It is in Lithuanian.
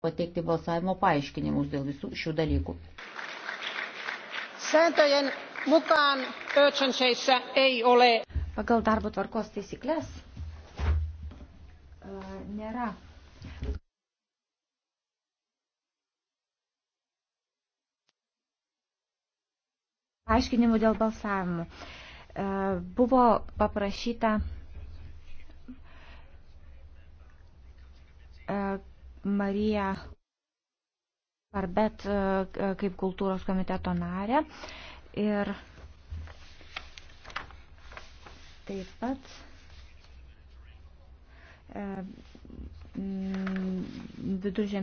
pateikti balsavimo paaiškinimus dėl visų šių dalykų. Sääntöjen mukaan Purchenseissä ei ole. Pagal darbo tvarkos taisyklės e, nėra. Paaiškinimų dėl balsavimų. E, buvo paprašyta e, Mariją Arbet e, e, kaip kultūros komiteto narę. Ir taip pat e, viduržėmė.